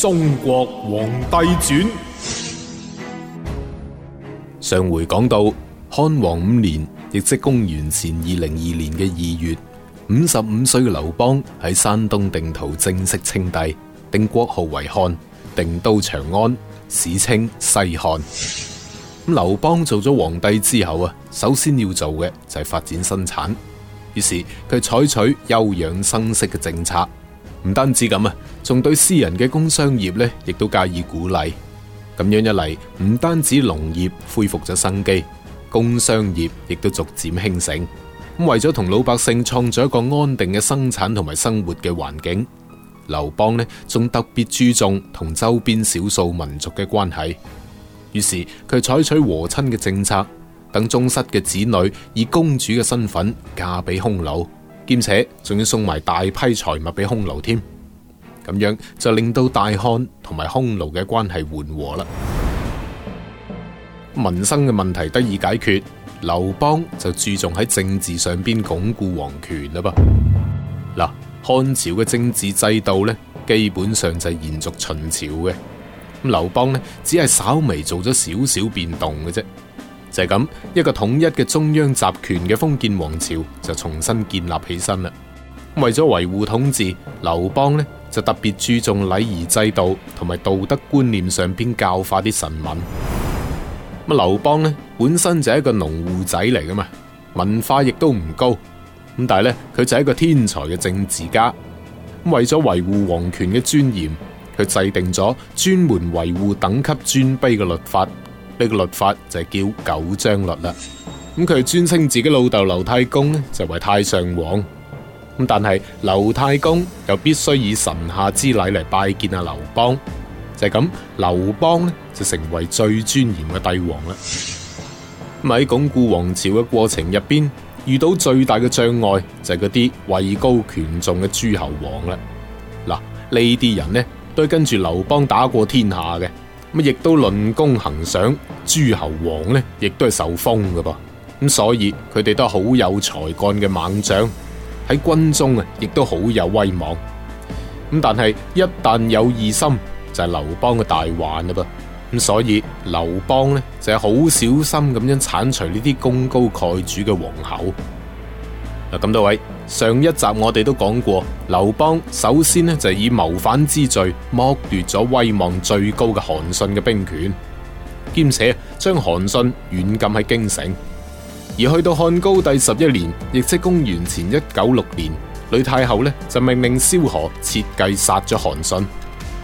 中國皇帝傳，上回講到漢王五年，亦即公元前二零二年嘅二月，五十五歲嘅劉邦喺山東定陶正式稱帝，定國號為漢，定都長安，史稱西漢。咁劉邦做咗皇帝之後啊，首先要做嘅就係發展生產，於是佢採取休養生息嘅政策。咁唔單止咁啊，仲對私人嘅工商業呢亦都加以鼓勵。咁樣一嚟，唔單止農業恢復咗生機，工商業亦都逐漸興盛。咁為咗同老百姓創造一個安定嘅生產同埋生活嘅環境，劉邦呢仲特別注重同周邊少數民族嘅關係。於是佢採取和親嘅政策，等宗室嘅子女以公主嘅身份嫁俾匈奴。兼且仲要送埋大批財物俾匈奴添，咁樣就令到大漢同埋匈奴嘅關係緩和啦。民生嘅問題得以解決，劉邦就注重喺政治上邊鞏固皇權啦噃。嗱，漢朝嘅政治制度呢，基本上就係延續秦朝嘅，咁劉邦呢，只係稍微做咗少少變動嘅啫。係咁一個統一嘅中央集權嘅封建王朝就重新建立起身啦。為咗維護統治，劉邦呢就特別注重禮儀制度同埋道德觀念上邊教化啲臣民。咁劉邦呢本身就係一個農戶仔嚟噶嘛，文化亦都唔高。咁但係呢，佢就係一個天才嘅政治家。咁為咗維護皇權嘅尊嚴，佢制定咗專門維護等級尊卑嘅律法。呢個律法，就係叫九章律啦，咁佢專稱自己老豆劉太公咧就為太上皇，咁但係劉太公又必須以臣下之禮嚟拜見阿劉邦，就係、是、咁，劉邦咧就成為最尊嚴嘅帝王啦。咁喺鞏固王朝嘅過程入邊，遇到最大嘅障礙就係嗰啲位高權重嘅諸侯王啦。嗱，呢啲人呢，都係跟住劉邦打過天下嘅。亦都論功行賞，諸侯王呢亦都係受封㗎噃，咁所以佢哋都係好有才幹嘅猛將，喺軍中啊亦都好有威望。咁但係一旦有異心，就係、是、劉邦嘅大患啦噃。咁所以劉邦呢就係、是、好小心咁樣鏟除呢啲功高蓋主嘅王侯。嗱，咁多位。上一集我哋都講過，劉邦首先呢就以謀反之罪剝奪咗威望最高嘅韓信嘅兵權，兼且將韓信軟禁喺京城。而去到漢高帝十一年，亦即公元前一九六年，呂太后呢就命令蕭何設計殺咗韓信，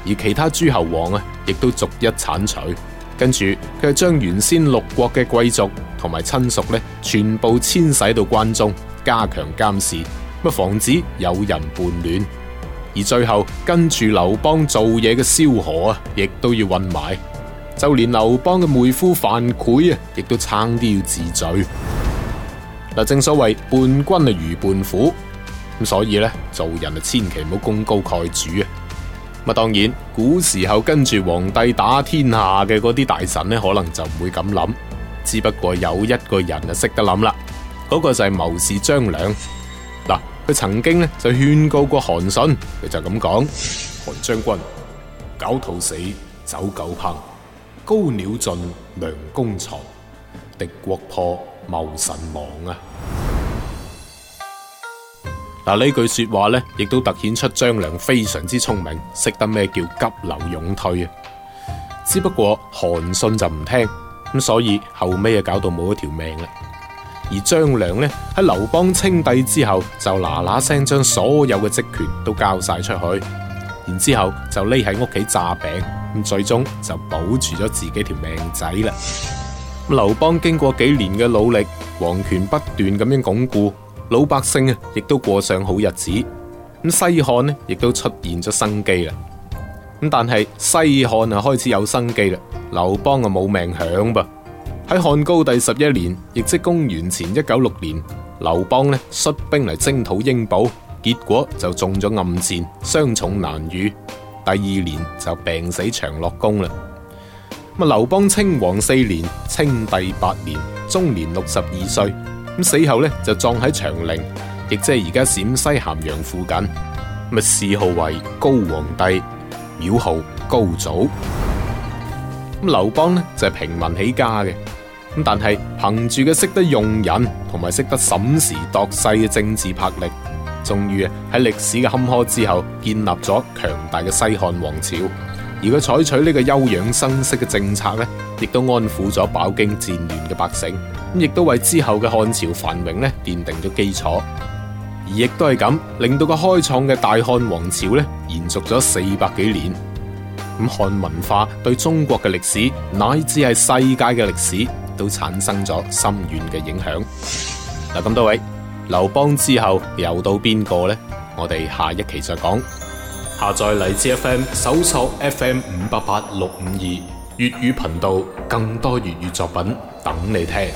而其他諸侯王啊，亦都逐一鏟除。跟住佢就將原先六國嘅貴族同埋親屬呢，全部遷徙到關中。加強監視，咪防止有人叛亂。而最後跟住劉邦做嘢嘅蕭何啊，亦都要混埋。就連劉邦嘅妹夫樊噲啊，亦都差啲要自罪。嗱，正所謂伴君啊如伴虎，咁所以咧，做人啊千祈唔好功高蓋主啊。啊，當然古時候跟住皇帝打天下嘅嗰啲大臣咧，可能就唔會咁諗。只不過有一個人啊，識得諗啦。嗰個就係謀士張良，嗱，佢、啊、曾經咧就勸告過韓信，佢就咁講：韓將軍，狡兔死走狗烹，高鳥盡，良弓藏，敵國破，謀臣亡啊！嗱、啊、呢句說話咧，亦都突顯出張良非常之聰明，識得咩叫急流勇退啊。只不過韓信就唔聽咁，所以後尾啊搞到冇一條命啦。而張良呢，喺劉邦稱帝之後，就嗱嗱聲將所有嘅職權都交晒出去，然之後就匿喺屋企炸餅，咁最終就保住咗自己條命仔啦。咁劉邦經過幾年嘅努力，皇權不斷咁樣鞏固，老百姓啊亦都過上好日子，咁西漢呢亦都出現咗生機啦。咁但係西漢啊開始有生機啦，劉邦啊冇命享噃。喺漢高帝十一年，亦即公元前一九六年，劉邦率兵嚟征討英布，結果就中咗暗箭，傷重難愈。第二年就病死長樂宮了。咁，劉邦稱王四年，稱帝八年，終年六十二歲。咁死後呢，就葬喺長陵，亦即係而家陝西咸陽附近。咁謚號為高皇帝，廟號高祖。咁劉邦呢，就係平民起家嘅。但係憑住嘅識得用人同埋識得審時度勢嘅政治魄力，終於喺歷史嘅坎坷之後建立咗強大嘅西漢王朝。而佢採取呢個休養生息嘅政策呢，亦都安撫咗飽經戰亂嘅百姓，亦都為之後嘅漢朝繁榮呢奠定咗基礎。而亦都係咁令到佢開創嘅大漢王朝呢延續咗四百幾年。咁漢文化對中國嘅歷史乃至係世界嘅歷史。都產生咗深遠嘅影響。嗱，咁多位，劉邦之後又到邊個呢？我哋下一期再講。下載荔枝 FM，搜索 FM 五八八六五二，粵語頻道，更多粵語作品等你聽。